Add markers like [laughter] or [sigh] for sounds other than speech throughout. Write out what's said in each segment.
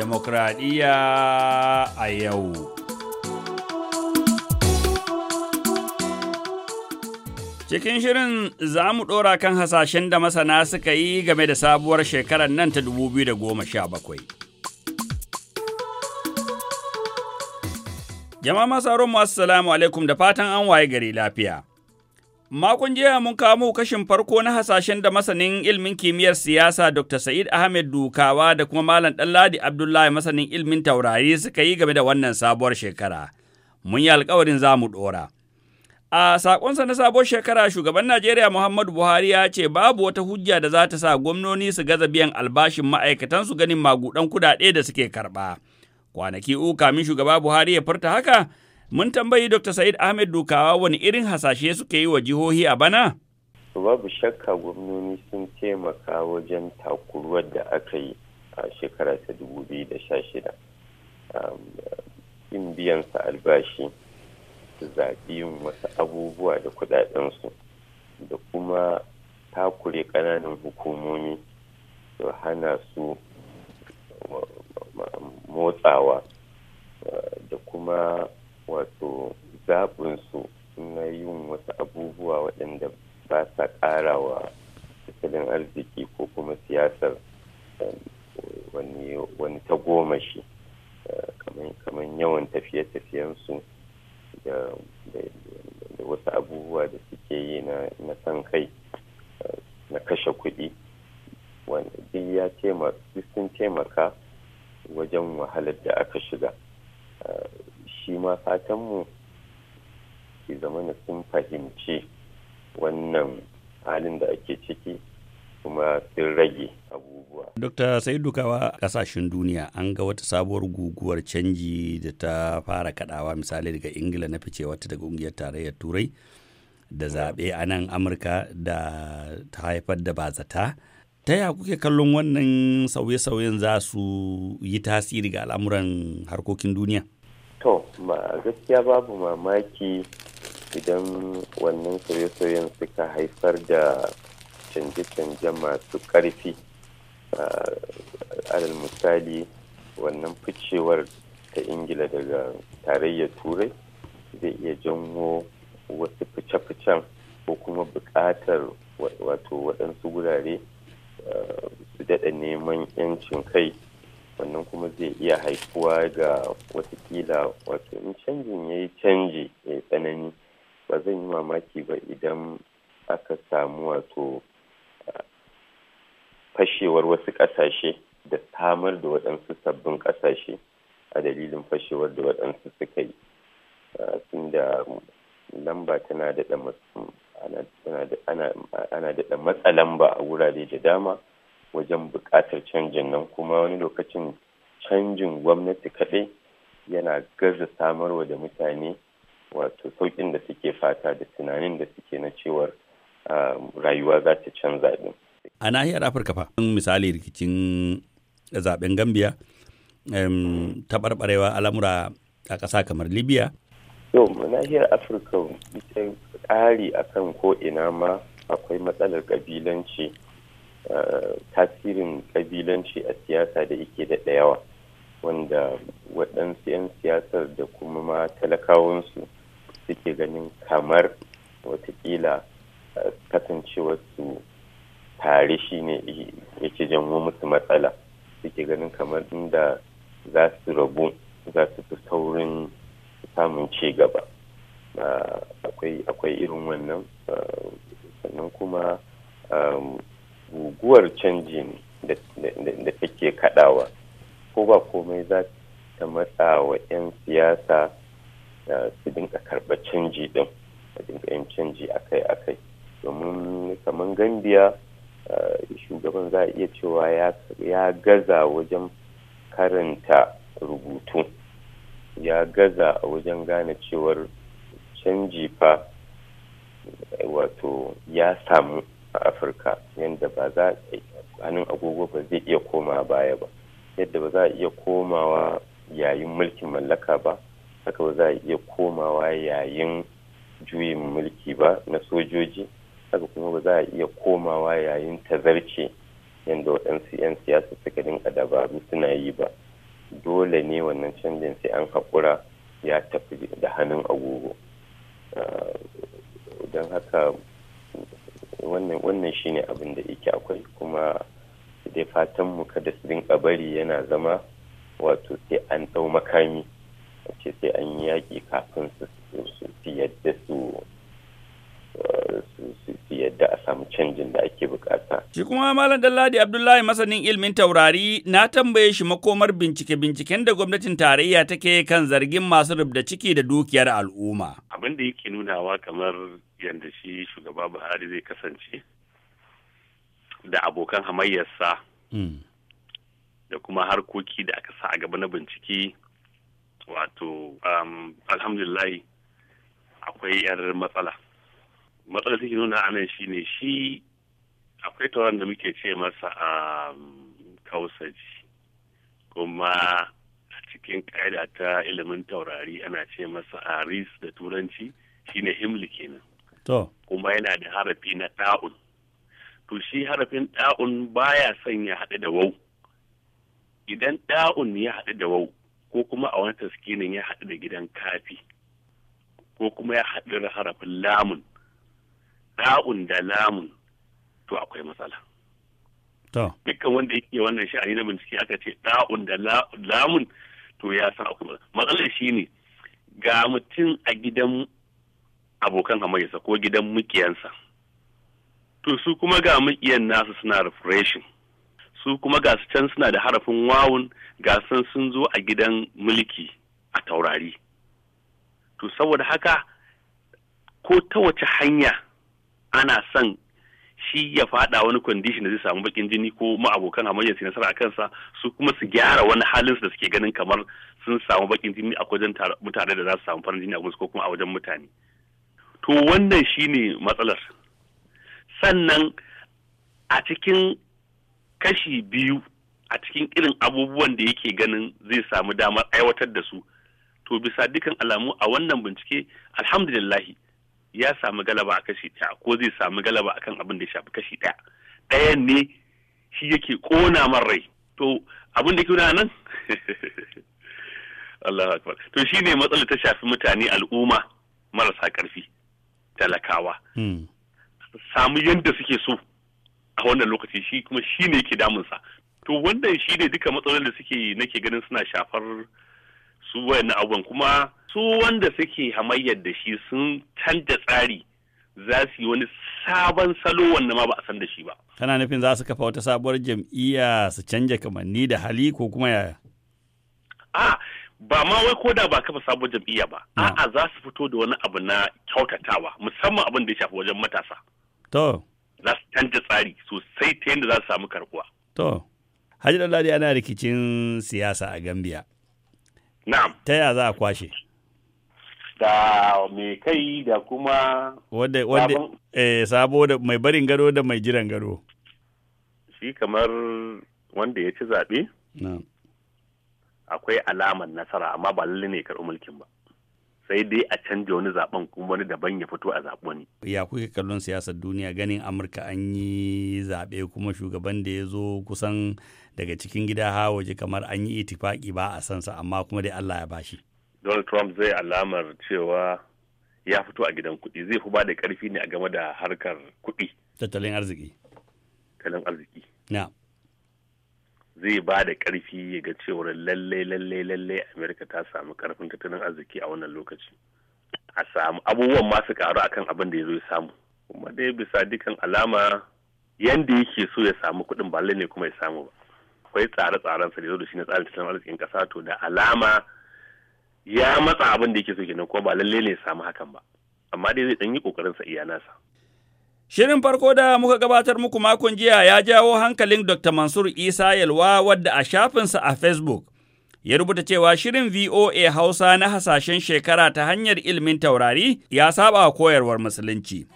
demokradiyya a yau. Cikin shirin za mu ɗora kan hasashen da masana suka yi game da sabuwar shekarar nan ta 2017. Jama'a masu masu salamu alaikum da fatan an waye gari lafiya. Makon jiya mun kamo kashin farko na hasashen da masanin ilmin kimiyyar siyasa Dr. Sa'id Ahmed Dukawa da kuma Malam Ɗanladi Abdullahi masanin ilmin taurari suka yi game da wannan sabuwar shekara. Mun yi alkawarin za mu ɗora. A sakonsa na sabuwar shekara shugaban Najeriya Muhammadu Buhari ya ce babu wata hujja da za ta sa gwamnoni su gaza biyan albashin ma'aikatansu ganin magudan kudade da suke karɓa. Kwanaki uku kamin shugaba Buhari ya furta haka, Mun tambayi Dr. Said Ahmed Dukawa wani irin hasashe suke yi wa jihohi a bana? Babu shakka gwamnoni sun taimaka wajen takuruwar da aka yi a shekara ta 2016. In biyansa albashi, zaɓi yin wasu abubuwa da kuɗaɗensu da kuma takure ƙananan hukumomi da hana su motsawa da kuma wato zaɓinsu na yin wasu abubuwa waɗanda ba sa ƙara wa tattalin arziki ko kuma siyasar um, wani tagomashi uh, kamar yawan tafiye-tafiyensu da wasu abubuwa da suke yi na san kai uh, na kashe kuɗi wanda duk sun taimaka wajen wahalar da aka shiga. shi ma fatanmu ki zama na sun fahimci wannan halin da ake ciki kuma sun rage abubuwa. Dokta Sa'idu Kawa kasashen duniya an ga wata sabuwar guguwar canji da ta fara kadawa misali daga Ingila na fice wata daga ƙungiyar tarayyar Turai da zaɓe a nan Amurka da ta haifar da bazata. Ta ya kuke kallon wannan sauye-sauyen za su yi tasiri ga al'amuran harkokin duniya? to ma gaskiya babu mamaki idan wannan sauye-sauyen suka haifar da canje-canje masu ƙarfi alal misali wannan ficewar ta ingila daga tarayyar turai zai iya janwo wasu fice-ficen ko kuma buƙatar wato waɗansu wurare eh, su daɗa neman 'yancin kai wannan kuma zai iya haifuwa ga watakila wato in canjin ya yi canji ya tsanani ba zan yi mamaki ba idan aka samu wato fashewar wasu ƙasashe da samar da waɗansu sabbin ƙasashe a dalilin fashewar da waɗansu suka yi Sun da lamba tana ana daɗa matsa lamba a wurare da dama wajen buƙatar canjin nan kuma wani lokacin canjin gwamnati kaɗai yana gaza samarwa da mutane wato sauƙin da suke fata da tunanin da suke na cewar rayuwa za ta canza din. A nahiyar Afirka fa misali rikicin zaben Gambia taɓarɓarewa al'amura a ƙasa kamar Libya. Yau nahiyar Afirka ita eh, ƙari akan ko ina ma akwai matsalar ƙabilanci. tasirin kabilanci a siyasa da yake da yawa wanda waɗansu 'yan siyasar da kuma ma talakawansu suke ganin kamar watakila eh, kasancewarsu tare shi ne yake janwo musu matsala suke ganin kamar inda za su rabu za su fi saurin samun ci gaba ah, akwai irin wannan ah, sannan kuma ah, guguwar canji da take kadawa ko ba komai za ta matsa wa 'yan siyasa su dinka karɓar canji din a dinka yin canji akai-akai domin kamar gambiya shugaban za a iya cewa ya gaza wajen karanta rubutu ya gaza wajen gane cewar canji fa wato ya samu a afirka yadda ba za a hannun agogo ba zai iya koma baya ba yadda ba za a iya komawa yayin mulkin mallaka ba haka ba za a iya komawa yayin juyin mulki ba na sojoji haka kuma ba za a iya komawa yayin zarce yadda waɗansu 'yan siyasa suka dinka dabaru suna yi ba dole ne wannan canjin sai an haƙura ya tafi da hannun agogo ah, don haka wannan shi ne abin da yake akwai kuma dai fatan mu kada su dinka bari yana zama wato sai an dau makami ce sai an yi yaƙi kafin su yadda su yadda a samu canjin da ake bukata. Shi kuma Malam Dalladi Abdullahi masanin ilimin taurari na tambaye shi makomar bincike-binciken da gwamnatin tarayya take kan zargin masu rubda ciki da dukiyar al'umma. Abin da yake nunawa kamar yadda shi shugaba Buhari zai kasance da abokan hamayyarsa hmm. da kuma harkoki da aka sa a gaba na bincike wato um, alhamdulillah akwai 'yar matsala. matsala take nuna anan shine shi akwai tauran da muke ce masa a um, kausaji kuma a cikin ka'ida ta ilimin taurari ana ce masa a ris da turanci shine himli kenan kuma yana da harafi na ɗa'un to shi harafin ɗa'un baya son ya haɗu da wau idan ɗa'un ya haɗu da wau ko kuma a wani taskinin ya haɗu da gidan kafi ko kuma ya haɗu da harafin lamun da'un da lamun to akwai matsala dukkan wanda yake wannan sha'ani na bincike aka ce da'un da lamun to ya san akwai matsalar ne. ga mutum a gidan abokan hamayyarsa ko gidan mukiyansa to su kuma ga mukiyan nasu suna refreshing su kuma ga su can suna da harafin wawun ga san sun zo a gidan mulki a taurari to saboda haka ko ta wace hanya ana son shi ya fada wani condition da zai samu bakin jini ko ma abokan hamayya su nasara a kansa su kuma su gyara wani halin su da suke ganin kamar sun samu bakin jini a wajen mutane da za su samu farin jini a ko kuma a wajen mutane to wannan shine matsalar sannan a cikin kashi biyu a cikin irin abubuwan da yake ganin zai samu damar aiwatar da su to bisa dukan alamu a wannan bincike alhamdulillahi ya samu galaba a kashi ɗaya ko zai samu galaba akan abin da ya shafi kashi ɗaya ɗayan ne shi yake ƙona man rai to abin da ke nan [laughs] Allahu akbar to shi ne matsalar ta shafi mutane al'umma marasa ƙarfi talakawa hmm. samu yadda suke so a wannan lokaci shi kuma ne yake damunsa to wannan shi ne duka matsalolin da suke nake ganin suna shafar su wayannan abubuwan kuma su wanda suke hamayyar da shi sun canja tsari za su yi wani sabon salo wanda ma ba a san da shi ba. Kana nufin za su kafa wata sabuwar jam'iyya su canja kamanni da hali ko kuma yaya? A ba ma wai ko da ba kafa sabuwar jam'iyya ba. A'a za su fito da wani abu na kyautatawa musamman abin da ya shafi wajen matasa. To. Za su canja tsari sosai ta yadda za su samu karbuwa. To. Hajji Dallari ana rikicin siyasa a Gambia. Na'am. Ta yaya za a kwashe? da mai kai da kuma wadda eh, sabo da mai barin gado da mai jiran gado shi kamar wanda ya ci zaɓe akwai alamar nasara amma ba lalle ne karɓi mulkin ba sai dai a canja wani zaben kuma wani daban ya fito a zaɓen Ya kuke kallon siyasar duniya ganin Amurka an yi zaɓe kuma shugaban da ya zo kusan daga cikin gida ha waje kamar an yi itifaki ba a sansa amma kuma dai Allah ya bashi. donald trump zai alamar cewa ya fito a gidan kuɗi zai fi ba da ƙarfi ne a game da harkar kuɗi tattalin arziki tattalin arziki na zai ba da ƙarfi ya ga cewar lalle lallai lalle amerika ta samu karfin tattalin arziki a wannan lokaci a samu abubuwan masu ƙaru akan abin da ya zo ya samu kuma dai bisa dukkan alama yanda yake so ya samu kuɗin ba ne kuma ya samu ba akwai tsare-tsarensa da ya zo da shi na tsarin tattalin arzikin ƙasa to da alama ya matsa abin da yake so kenan ko ba lalle ne ya samu hakan ba amma dai zai dan yi kokarin sa iya nasa Shirin farko da muka gabatar muku makon jiya ya jawo hankalin Dr. Mansur Isa Yalwa wadda a shafin sa a Facebook ya rubuta cewa shirin VOA Hausa na hasashen shekara ta hanyar ilimin taurari ya saba koyarwar musulunci.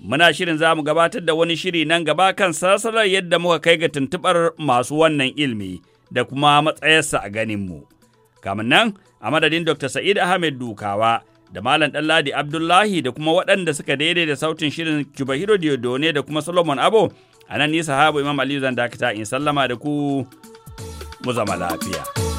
Muna shirin za mu gabatar da wani shiri nan gaba kan sarsalar yadda muka kai ga tuntuɓar masu wannan ilimi da kuma matsayarsa a ganinmu. Kamun nan, a madadin Dr. Sa'id Ahmed Dukawa da Malam Ɗanladi Abdullahi da kuma waɗanda suka daidai da sautin shirin Kibahiro Diodone da kuma Solomon Abo, a nan nisa habu Imam Aliyu zan dakata in sallama da ku mu zama lafiya.